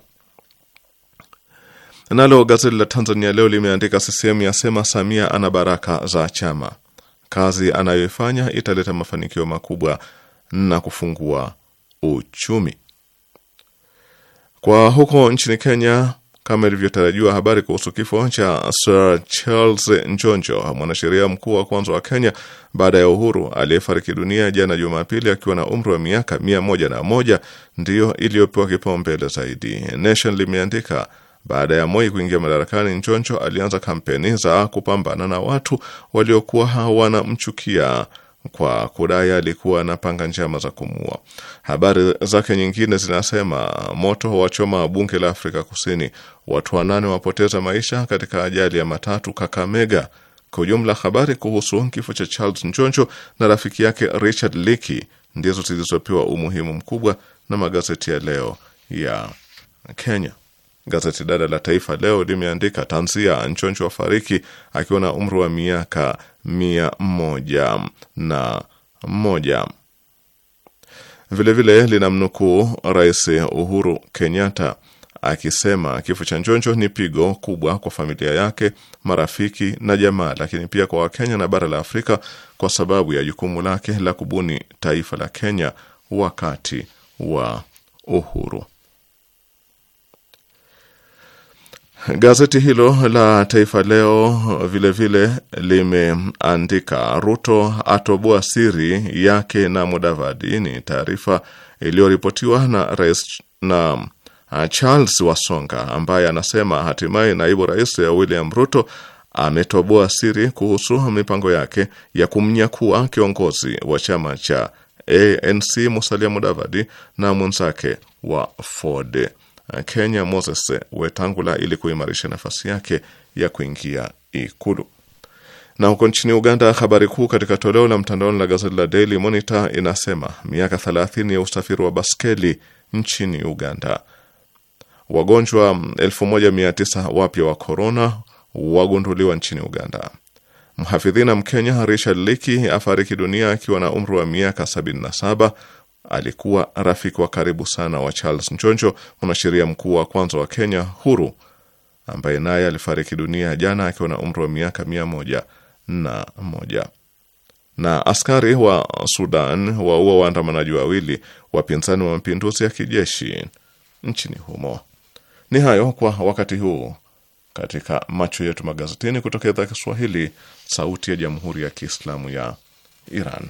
Nalo gazeti la Tanzania Leo limeandika CCM yasema Samia ana baraka za chama, kazi anayoifanya italeta mafanikio makubwa na kufungua uchumi. Kwa huko nchini Kenya, kama ilivyotarajiwa, habari kuhusu kifo cha Sir Charles Njonjo, mwanasheria mkuu wa kwanza wa Kenya baada ya uhuru, aliyefariki dunia jana Jumapili akiwa na umri wa miaka mia moja na moja ndiyo iliyopewa kipaumbele zaidi. Nation limeandika baada ya Moi kuingia madarakani, Nchoncho alianza kampeni za kupambana na watu waliokuwa mchukia kwa kudai alikuwa anapanga njama za kumua. Habari zake nyingine zinasema moto wachoma bunge la Afrika Kusini, watu wanane wapoteza maisha katika ajali ya matatu Kakamega. Kwa ujumla, habari kuhusu kifo cha Charles Njonjo na rafiki yake Richard Leakey ndizo zilizopewa umuhimu mkubwa na magazeti ya leo ya Kenya. Gazeti dada la Taifa Leo limeandika tanzia, Nchoncho afariki akiwa na umri wa miaka mia moja na moja. Vilevile linamnukuu Rais Uhuru Kenyatta akisema kifo cha Nchonjo ni pigo kubwa kwa familia yake, marafiki na jamaa, lakini pia kwa Wakenya na bara la Afrika kwa sababu ya jukumu lake la kubuni taifa la Kenya wakati wa uhuru. Gazeti hilo la Taifa Leo vilevile limeandika Ruto atoboa siri yake na Mudavadi. Ni taarifa iliyoripotiwa na rais na Charles Wasonga ambaye anasema hatimaye naibu rais ya William Ruto ametoboa siri kuhusu mipango yake ya kumnyakua kiongozi wa chama cha ANC Musalia Mudavadi na mwenzake wa Ford. Eh, Kenya Moses Wetangula ili kuimarisha nafasi yake ya kuingia Ikulu. Na huko nchini Uganda, habari kuu katika toleo la mtandaoni la gazeti la Daily Monitor inasema miaka 30 ya usafiri wa baskeli nchini Uganda. Wagonjwa 1900 wapya wa korona wagunduliwa nchini Uganda. Mhafidhina Mkenya Richard Liki afariki dunia akiwa na umri wa miaka 77 alikuwa rafiki wa karibu sana wa Charles Njonjo, mwanasheria mkuu wa kwanza wa Kenya huru, ambaye naye alifariki dunia jana akiwa na umri wa miaka mia moja na moja. Na askari wa Sudan waua waandamanaji wawili wapinzani wa mapinduzi ya kijeshi nchini humo. Ni hayo kwa wakati huu katika macho yetu magazetini kutoka idhaa ya Kiswahili, Sauti ya Jamhuri ya Kiislamu ya Iran.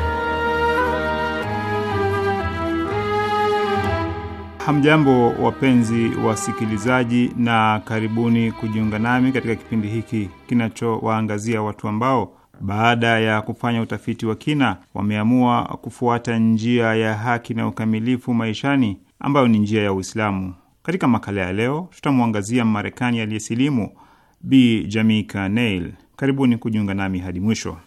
Hamjambo, wapenzi wasikilizaji, na karibuni kujiunga nami katika kipindi hiki kinachowaangazia watu ambao baada ya kufanya utafiti wa kina wameamua kufuata njia ya haki na ukamilifu maishani ambayo ni njia ya Uislamu. Katika makala ya leo, tutamwangazia marekani aliyesilimu Bi Jamika Neil. Karibuni kujiunga nami hadi mwisho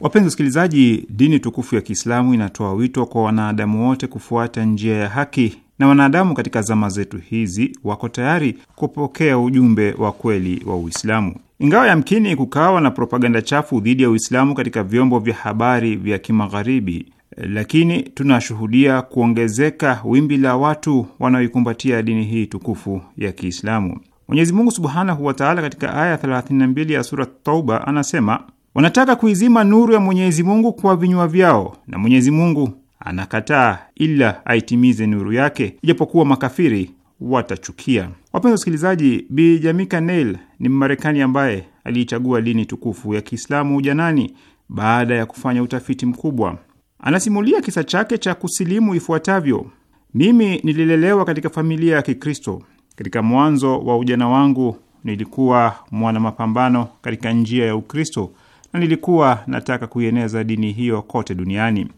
Wapenzi wasikilizaji, dini tukufu ya Kiislamu inatoa wito kwa wanadamu wote kufuata njia ya haki na wanadamu katika zama zetu hizi wako tayari kupokea ujumbe wa kweli wa Uislamu, ingawa yamkini kukawa na propaganda chafu dhidi ya Uislamu katika vyombo vya habari vya Kimagharibi, lakini tunashuhudia kuongezeka wimbi la watu wanaoikumbatia dini hii tukufu ya Kiislamu. Mwenyezi Mungu subhanahu wa taala katika aya 32 ya sura Tauba anasema, wanataka kuizima nuru ya Mwenyezi Mungu kwa vinywa vyao na Mwenyezi Mungu anakataa ila aitimize nuru yake, ijapokuwa makafiri watachukia. Wapenzi wasikilizaji, Bi Jamika Neil ni Mmarekani ambaye aliichagua dini tukufu ya Kiislamu ujanani baada ya kufanya utafiti mkubwa. Anasimulia kisa chake cha kusilimu ifuatavyo: mimi nililelewa katika familia ya Kikristo. Katika mwanzo wa ujana wangu nilikuwa mwana mapambano katika njia ya Ukristo na nilikuwa nataka kuieneza dini hiyo kote duniani.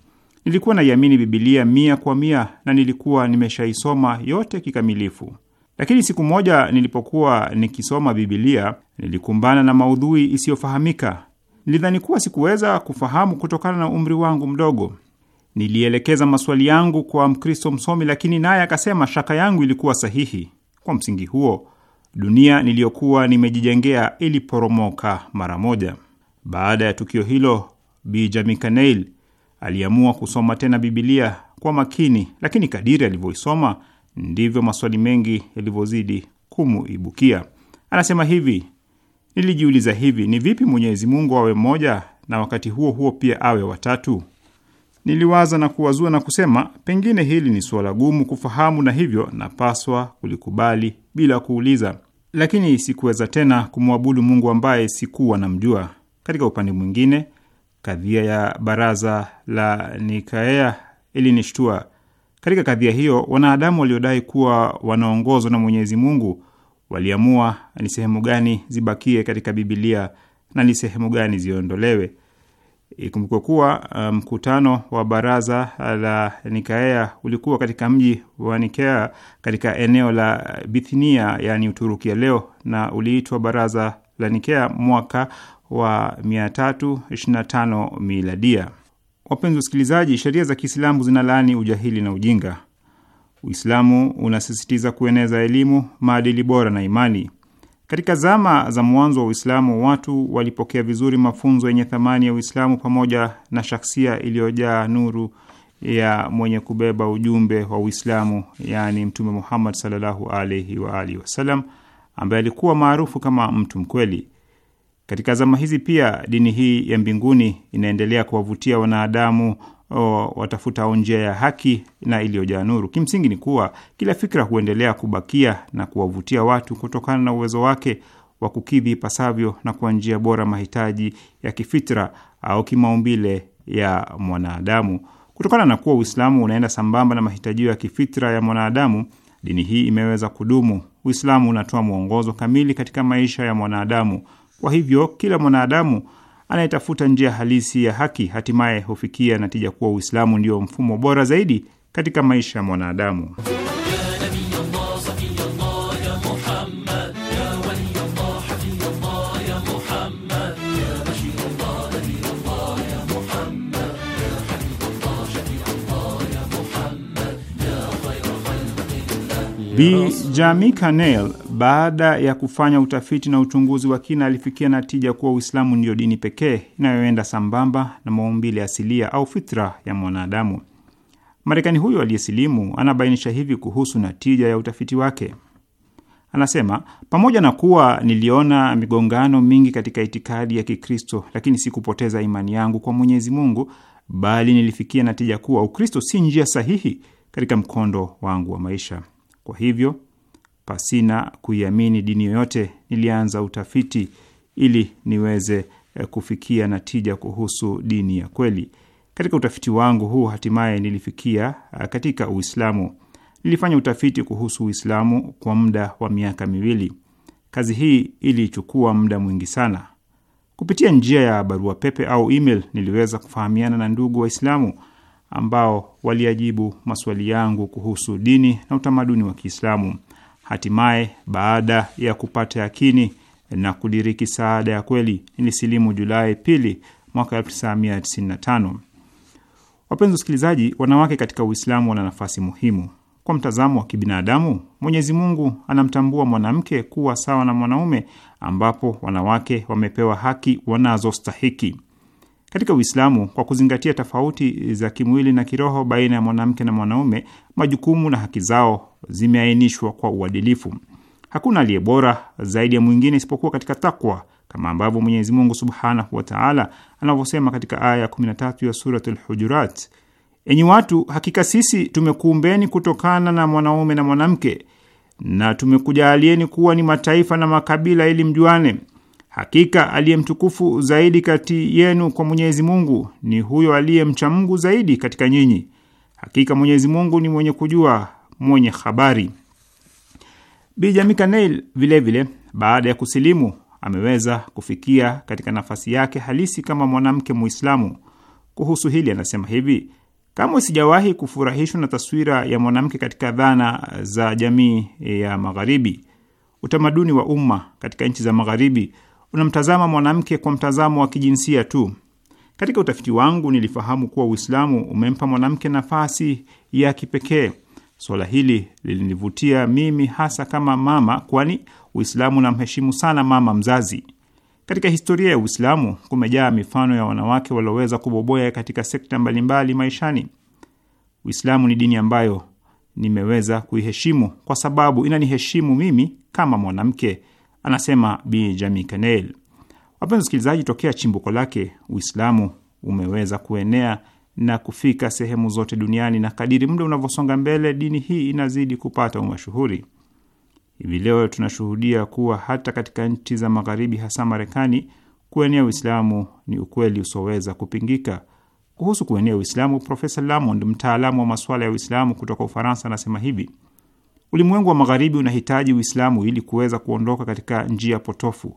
Nilikuwa naiamini Bibilia mia kwa mia na nilikuwa nimeshaisoma yote kikamilifu, lakini siku moja nilipokuwa nikisoma Bibilia nilikumbana na maudhui isiyofahamika. Nilidhani kuwa sikuweza kufahamu kutokana na umri wangu mdogo. Nilielekeza maswali yangu kwa Mkristo msomi, lakini naye akasema shaka yangu ilikuwa sahihi. Kwa msingi huo, dunia niliyokuwa nimejijengea iliporomoka mara moja. Baada ya tukio hilo, Bi aliamua kusoma tena Bibilia kwa makini, lakini kadiri alivyoisoma ndivyo maswali mengi yalivyozidi kumuibukia. Anasema hivi: nilijiuliza hivi, ni vipi Mwenyezi Mungu awe mmoja na wakati huo huo pia awe watatu? Niliwaza na kuwazua na kusema, pengine hili ni suala gumu kufahamu, na hivyo napaswa kulikubali bila kuuliza, lakini sikuweza tena kumwabudu Mungu ambaye sikuwa namjua. Katika upande mwingine Kadhia ya baraza la Nikaea ilinishtua. Katika kadhia hiyo, wanadamu waliodai kuwa wanaongozwa na Mwenyezi Mungu waliamua ni sehemu gani zibakie katika Bibilia na ni sehemu gani ziondolewe. Ikumbukwe kuwa uh, mkutano um, wa baraza la Nikaea ulikuwa katika mji wa Nikea katika eneo la Bithinia, yaani Uturuki ya leo, na uliitwa baraza la Nikea mwaka wa 325 miladia. Wapenzi wasikilizaji, sheria za Kiislamu zinalaani ujahili na ujinga. Uislamu unasisitiza kueneza elimu, maadili bora na imani. Katika zama za mwanzo wa Uislamu, watu walipokea vizuri mafunzo yenye thamani ya Uislamu pamoja na shaksia iliyojaa nuru ya mwenye kubeba ujumbe wa Uislamu, yaani Mtume Muhammad sallallahu alaihi wa alihi wasallam, ambaye alikuwa maarufu kama mtu mkweli. Katika zama hizi pia dini hii ya mbinguni inaendelea kuwavutia wanadamu au njia ya haki na iliyojaa nuru. Kimsingi ni kuwa kila fikra huendelea kubakia na kuwavutia watu kutokana na uwezo wake wa kukidhi ipasavyo na kwa njia bora mahitaji ya kifitra au kimaumbile ya mwanadamu. Kutokana na kuwa Uislamu unaenda sambamba na mahitajio ya kifitra ya mwanadamu, dini hii imeweza kudumu. Uislamu unatoa mwongozo kamili katika maisha ya mwanadamu kwa hivyo kila mwanadamu anayetafuta njia halisi ya haki hatimaye hufikia natija kuwa Uislamu ndio mfumo bora zaidi katika maisha ya mwanadamu. Bi baada ya kufanya utafiti na uchunguzi wa kina, alifikia natija kuwa Uislamu ndiyo dini pekee inayoenda sambamba na maumbile asilia au fitra ya mwanadamu. Marekani huyo aliyesilimu anabainisha hivi kuhusu natija ya utafiti wake. Anasema, pamoja na kuwa niliona migongano mingi katika itikadi ya Kikristo, lakini sikupoteza imani yangu kwa Mwenyezi Mungu, bali nilifikia natija kuwa Ukristo si njia sahihi katika mkondo wangu wa maisha. Kwa hivyo pasina kuiamini dini yoyote, nilianza utafiti ili niweze eh, kufikia natija kuhusu dini ya kweli. Katika utafiti wangu huu hatimaye nilifikia eh, katika Uislamu. Nilifanya utafiti kuhusu Uislamu kwa muda wa miaka miwili. Kazi hii ilichukua muda mwingi sana. Kupitia njia ya barua pepe au email niliweza kufahamiana na ndugu Waislamu ambao waliajibu maswali yangu kuhusu dini na utamaduni wa Kiislamu. Hatimaye, baada ya kupata yakini na kudiriki saada ya kweli, nilisilimu Julai pili mwaka 1995. Wapenzi wasikilizaji, wanawake katika Uislamu wana nafasi muhimu. Kwa mtazamo wa kibinadamu, Mwenyezi Mungu anamtambua mwanamke kuwa sawa na mwanaume, ambapo wanawake wamepewa haki wanazostahiki. Katika Uislamu, kwa kuzingatia tofauti za kimwili na kiroho baina ya mwanamke na mwanaume, majukumu na haki zao zimeainishwa kwa uadilifu. Hakuna aliye bora zaidi ya mwingine isipokuwa katika takwa, kama ambavyo Mwenyezi Mungu subhanahu wataala anavyosema katika aya ya 13 ya Surat lhujurat enyi watu, hakika sisi tumekuumbeni kutokana na mwanaume na mwanamke na tumekujaalieni kuwa ni mataifa na makabila ili mjuane Hakika aliye mtukufu zaidi kati yenu kwa Mwenyezi Mungu ni huyo aliye mcha Mungu zaidi katika nyinyi. Hakika Mwenyezi Mungu ni mwenye kujua, mwenye habari. Bi Jamika Neil vilevile, baada ya kusilimu, ameweza kufikia katika nafasi yake halisi kama mwanamke Muislamu. Kuhusu hili anasema hivi: Kamwe sijawahi kufurahishwa na taswira ya mwanamke katika dhana za jamii ya Magharibi. Utamaduni wa umma katika nchi za Magharibi unamtazama mwanamke kwa mtazamo wa kijinsia tu. Katika utafiti wangu nilifahamu kuwa Uislamu umempa mwanamke nafasi ya kipekee. Suala hili lilinivutia mimi hasa kama mama, kwani Uislamu unamheshimu sana mama mzazi. Katika historia ya Uislamu kumejaa mifano ya wanawake walioweza kuboboya katika sekta mbalimbali maishani. Uislamu ni dini ambayo nimeweza kuiheshimu kwa sababu inaniheshimu mimi kama mwanamke anasema Bi Jami Kanel. Wapenzi wasikilizaji, tokea chimbuko lake Uislamu umeweza kuenea na kufika sehemu zote duniani, na kadiri muda unavyosonga mbele, dini hii inazidi kupata umashuhuri. Hivi leo tunashuhudia kuwa hata katika nchi za Magharibi, hasa Marekani, kuenea Uislamu ni ukweli usioweza kupingika. Kuhusu kuenea Uislamu, Profesa Lamond, mtaalamu wa masuala ya Uislamu kutoka Ufaransa, anasema hivi: Ulimwengu wa Magharibi unahitaji Uislamu ili kuweza kuondoka katika njia potofu.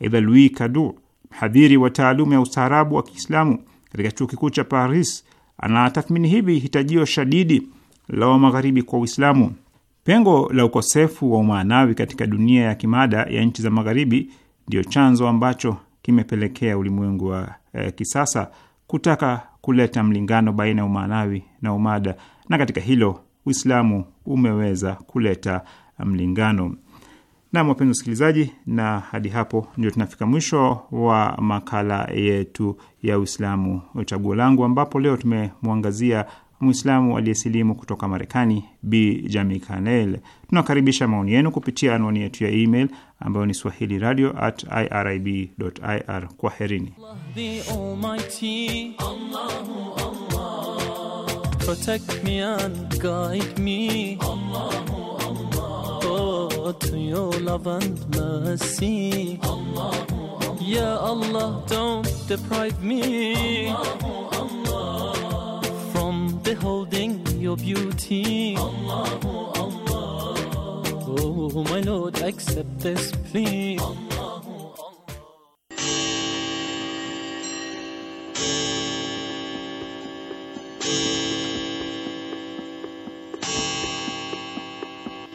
Aidha, Louis Kadu, mhadhiri wa taaluma ya ustaarabu wa Kiislamu katika chuo kikuu cha Paris, anatathmini hivi hitajio shadidi la wa Magharibi kwa Uislamu. Pengo la ukosefu wa umaanawi katika dunia ya kimada ya nchi za Magharibi ndiyo chanzo ambacho kimepelekea ulimwengu wa eh, kisasa kutaka kuleta mlingano baina ya umaanawi na umada, na katika hilo Uislamu umeweza kuleta mlingano. Nam, wapenzi wasikilizaji, na hadi hapo ndio tunafika mwisho wa makala yetu ya Uislamu Chaguo Langu, ambapo leo tumemwangazia Mwislamu aliyesilimu kutoka Marekani, B Jami Canel. Tunakaribisha maoni yenu kupitia anwani yetu ya email ambayo ni swahili radio at irib Kwaherini.
protect me and guide me. Allah, Allah. Oh, to your love and mercy. Allahu Allah. Yeah, Allah, don't deprive me. Allah, Allah. From beholding your beauty. Allah,
Allah. Oh, my Lord, accept this plea. Allah.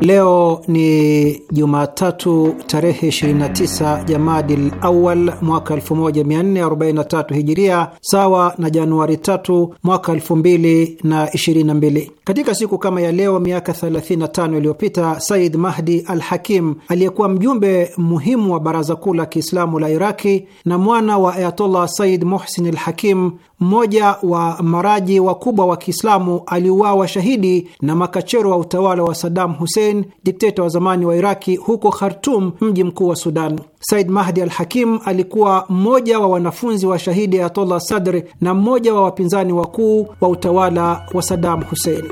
Leo ni Jumatatu tarehe 29 Jamadil Awal mwaka 1443 Hijiria, sawa na Januari 3 mwaka 2022. Katika siku kama ya leo miaka 35 iliyopita, Said Mahdi al Hakim aliyekuwa mjumbe muhimu wa Baraza Kuu la Kiislamu la Iraki na mwana wa Ayatollah Said Muhsin al Hakim, mmoja wa maraji wakubwa wa Kiislamu, aliuawa shahidi na makachero wa utawala wa Saddam Hussein Hussein, dikteta wa zamani wa Iraki, huko Khartum, mji mkuu wa Sudan. Said Mahdi al Hakim alikuwa mmoja wa wanafunzi wa shahidi Ayatollah Sadri na mmoja wa wapinzani wakuu wa utawala wa sadam Hussein.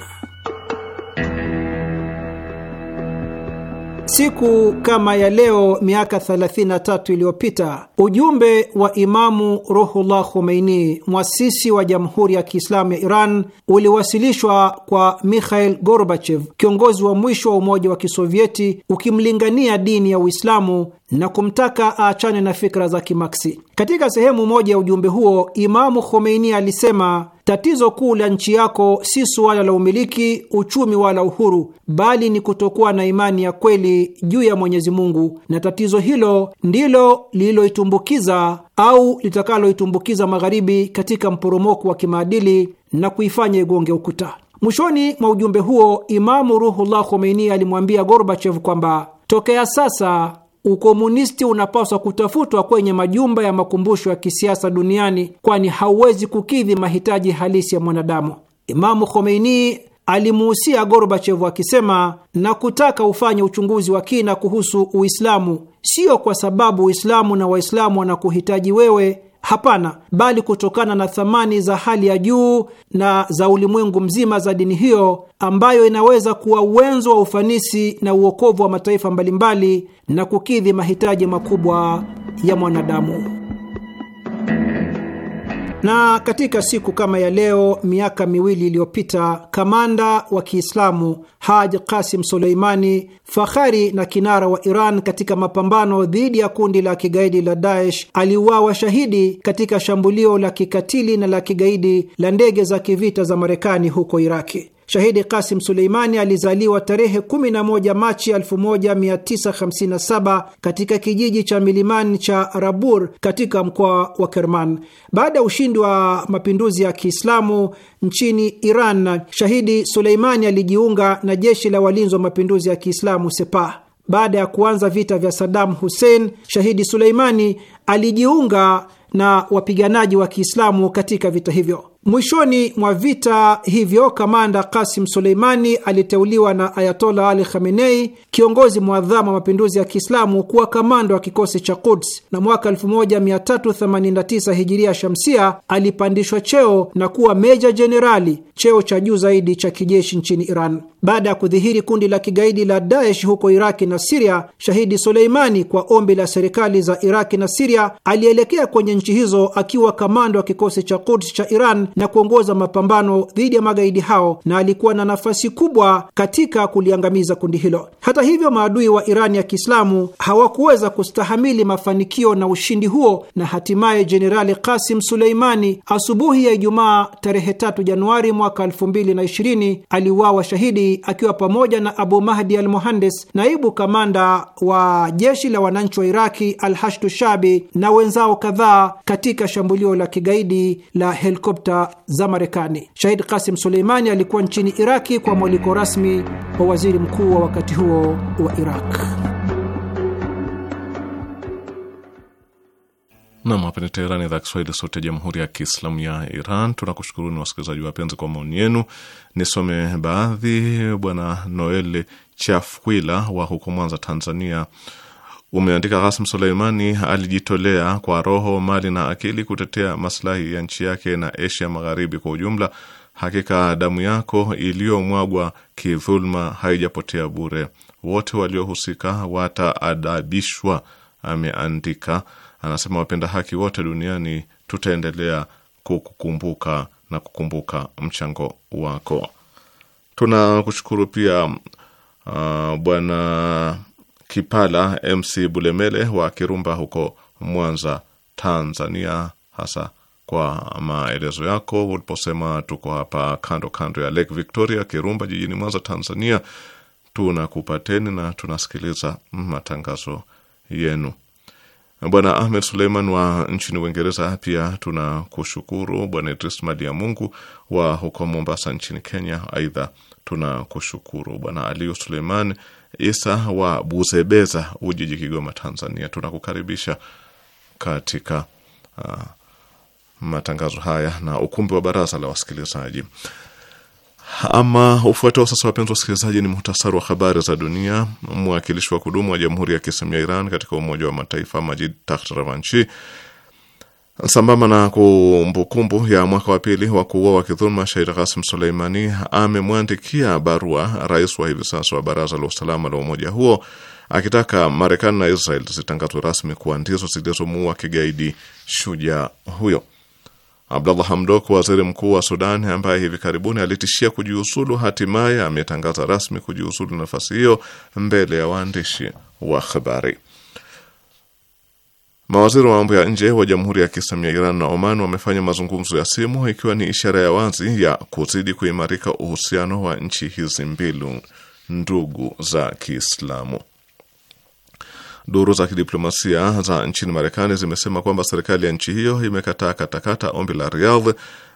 Siku kama ya leo miaka 33 iliyopita ujumbe wa Imamu Ruhullah Khomeini, mwasisi wa Jamhuri ya Kiislamu ya Iran, uliwasilishwa kwa Mikhail Gorbachev, kiongozi wa mwisho wa Umoja wa Kisovieti, ukimlingania dini ya Uislamu na kumtaka aachane na fikra za Kimaksi. Katika sehemu moja ya ujumbe huo, Imamu Khomeini alisema Tatizo kuu la nchi yako si suala la umiliki, uchumi wala uhuru, bali ni kutokuwa na imani ya kweli juu ya Mwenyezi Mungu, na tatizo hilo ndilo lililoitumbukiza au litakaloitumbukiza Magharibi katika mporomoko wa kimaadili na kuifanya igonge ukuta. Mwishoni mwa ujumbe huo, Imamu Ruhullah Khomeini alimwambia Gorbachev kwamba tokea sasa ukomunisti unapaswa kutafutwa kwenye majumba ya makumbusho ya kisiasa duniani, kwani hauwezi kukidhi mahitaji halisi ya mwanadamu. Imamu Khomeini alimuhusia Gorbachev akisema na kutaka ufanye uchunguzi wa kina kuhusu Uislamu, sio kwa sababu Uislamu na Waislamu wanakuhitaji wewe Hapana, bali kutokana na thamani za hali ya juu na za ulimwengu mzima za dini hiyo ambayo inaweza kuwa uwenzo wa ufanisi na uokovu wa mataifa mbalimbali na kukidhi mahitaji makubwa ya mwanadamu. Na katika siku kama ya leo miaka miwili iliyopita, kamanda wa Kiislamu Haj Qasim Suleimani, fahari na kinara wa Iran katika mapambano dhidi ya kundi la kigaidi la Daesh, aliuawa shahidi katika shambulio la kikatili na la kigaidi la ndege za kivita za Marekani huko Iraki. Shahidi Kasim Suleimani alizaliwa tarehe 11 Machi 1957 katika kijiji cha milimani cha Rabur katika mkoa wa Kerman. Baada ya ushindi wa mapinduzi ya Kiislamu nchini Iran, Shahidi Suleimani alijiunga na jeshi la walinzi wa mapinduzi ya Kiislamu Sepah. Baada ya kuanza vita vya Saddam Hussein, Shahidi Suleimani alijiunga na wapiganaji wa Kiislamu katika vita hivyo. Mwishoni mwa vita hivyo, kamanda Kasim Suleimani aliteuliwa na Ayatola Ali Khamenei, kiongozi mwadhama wa mapinduzi ya Kiislamu, kuwa kamanda wa kikosi cha Quds, na mwaka 1389 hijiria shamsia alipandishwa cheo na kuwa meja jenerali, cheo cha juu zaidi cha kijeshi nchini Iran baada ya kudhihiri kundi la kigaidi la Daesh huko Iraki na Siria, shahidi Suleimani, kwa ombi la serikali za Iraki na Siria, alielekea kwenye nchi hizo akiwa kamando wa kikosi cha Kuds cha Iran na kuongoza mapambano dhidi ya magaidi hao, na alikuwa na nafasi kubwa katika kuliangamiza kundi hilo. Hata hivyo, maadui wa Irani ya Kiislamu hawakuweza kustahamili mafanikio na ushindi huo, na hatimaye Jenerali Kasim Suleimani asubuhi ya Ijumaa tarehe 3 Januari mwaka 2020 aliuawa shahidi akiwa pamoja na Abu Mahdi al Muhandes, naibu kamanda wa jeshi la wananchi wa Iraki al Hashdu Shabi na wenzao kadhaa katika shambulio la kigaidi la helikopta za Marekani. Shahid Kasim Suleimani alikuwa nchini Iraki kwa mwaliko rasmi wa waziri mkuu wa wakati huo wa Iraq.
Nam, hapa ni Teherani, idhaa Kiswahili, sauti ya jamhuri ya kiislamu ya Iran. Tunakushukuruni wasikilizaji wapenzi kwa maoni yenu. Nisome baadhi. Bwana Noel Chafwila wa huko Mwanza, Tanzania, umeandika Qasim Suleimani alijitolea kwa roho, mali na akili kutetea maslahi ya nchi yake na Asia Magharibi kwa ujumla. Hakika damu yako iliyomwagwa kidhulma haijapotea bure, wote waliohusika wataadabishwa, ameandika Anasema wapenda haki wote duniani tutaendelea kukukumbuka na kukumbuka mchango wako. tuna kushukuru pia uh, bwana Kipala MC Bulemele wa Kirumba huko Mwanza, Tanzania, hasa kwa maelezo yako uliposema tuko hapa kando kando ya Lake Victoria, Kirumba, jijini Mwanza, Tanzania. Tunakupateni na tunasikiliza matangazo yenu. Bwana Ahmed Suleiman wa nchini Uingereza, pia tunakushukuru. Bwana Idris Mali ya Mungu wa huko Mombasa nchini Kenya, aidha tunakushukuru. Bwana Aliu Suleiman Isa wa Buzebeza, Ujiji, Kigoma, Tanzania, tunakukaribisha katika uh, matangazo haya na ukumbi wa baraza la wasikilizaji. Ama ufuatao sasa, wapenzi wasikilizaji, ni muhtasari wa habari za dunia. Mwakilishi wa kudumu wa Jamhuri ya Kiislamu ya Iran katika Umoja wa Mataifa Majid Takht Ravanchi, sambamba na kumbukumbu ya mwaka wa pili wa wa kidhuluma Shahid Qasim Suleimani, amemwandikia barua rais wa hivi sasa wa Baraza la Usalama la umoja huo akitaka Marekani na Israel zitangazwe rasmi kuwa ndizo zilizomuua kigaidi shujaa huyo. Abdallah Hamdok, waziri mkuu wa Sudan ambaye hivi karibuni alitishia kujiusulu, hatimaye ametangaza rasmi kujiusulu nafasi hiyo mbele ya waandishi wa habari. Mawaziri wa mambo ya nje wa Jamhuri ya Kiislamu ya Iran na Oman wamefanya mazungumzo ya simu, ikiwa ni ishara ya wazi ya kuzidi kuimarika uhusiano wa nchi hizi mbili ndugu za Kiislamu. Duru za kidiplomasia za nchini Marekani zimesema kwamba serikali ya nchi hiyo imekataa katakata ombi la Riyadh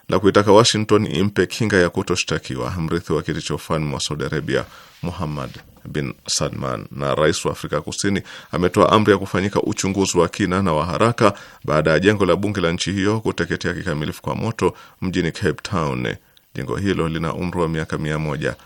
la kuitaka Washington impe kinga ya kutoshtakiwa mrithi wa kiti cha ufalme wa Saudi Arabia Muhammad bin Salman. Na rais wa Afrika Kusini ametoa amri ya kufanyika uchunguzi wa kina na wa haraka baada ya jengo la bunge la nchi hiyo kuteketea kikamilifu kwa moto mjini Cape Town. Jengo hilo lina umri wa miaka 138.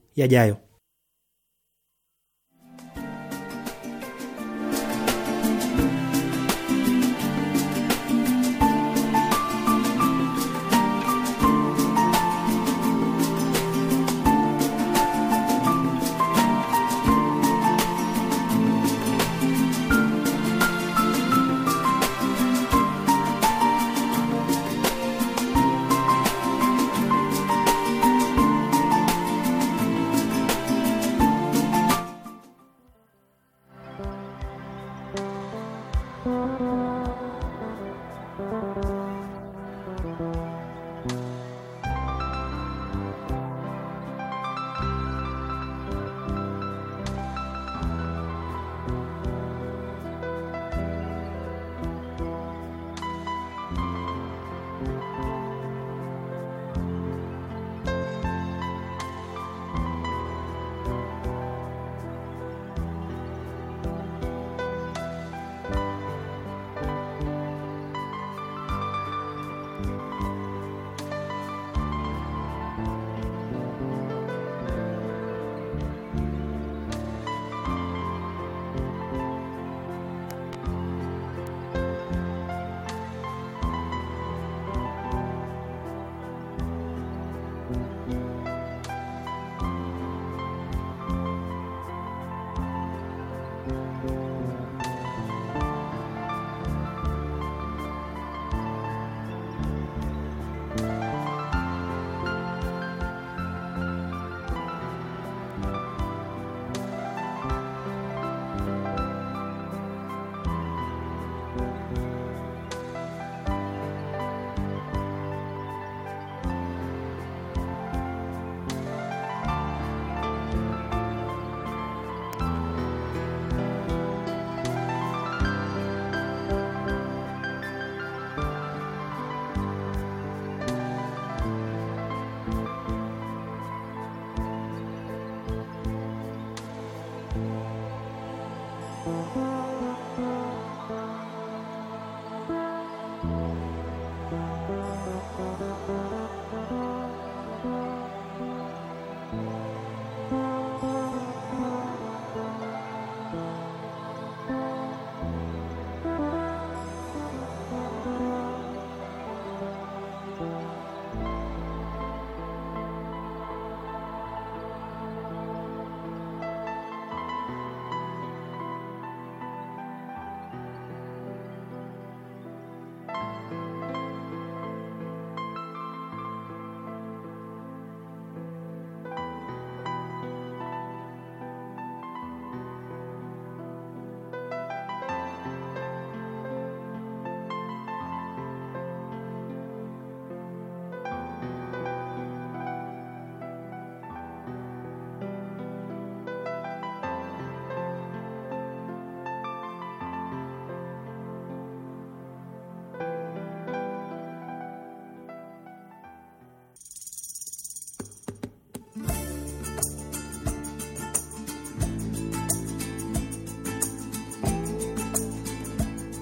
yajayo.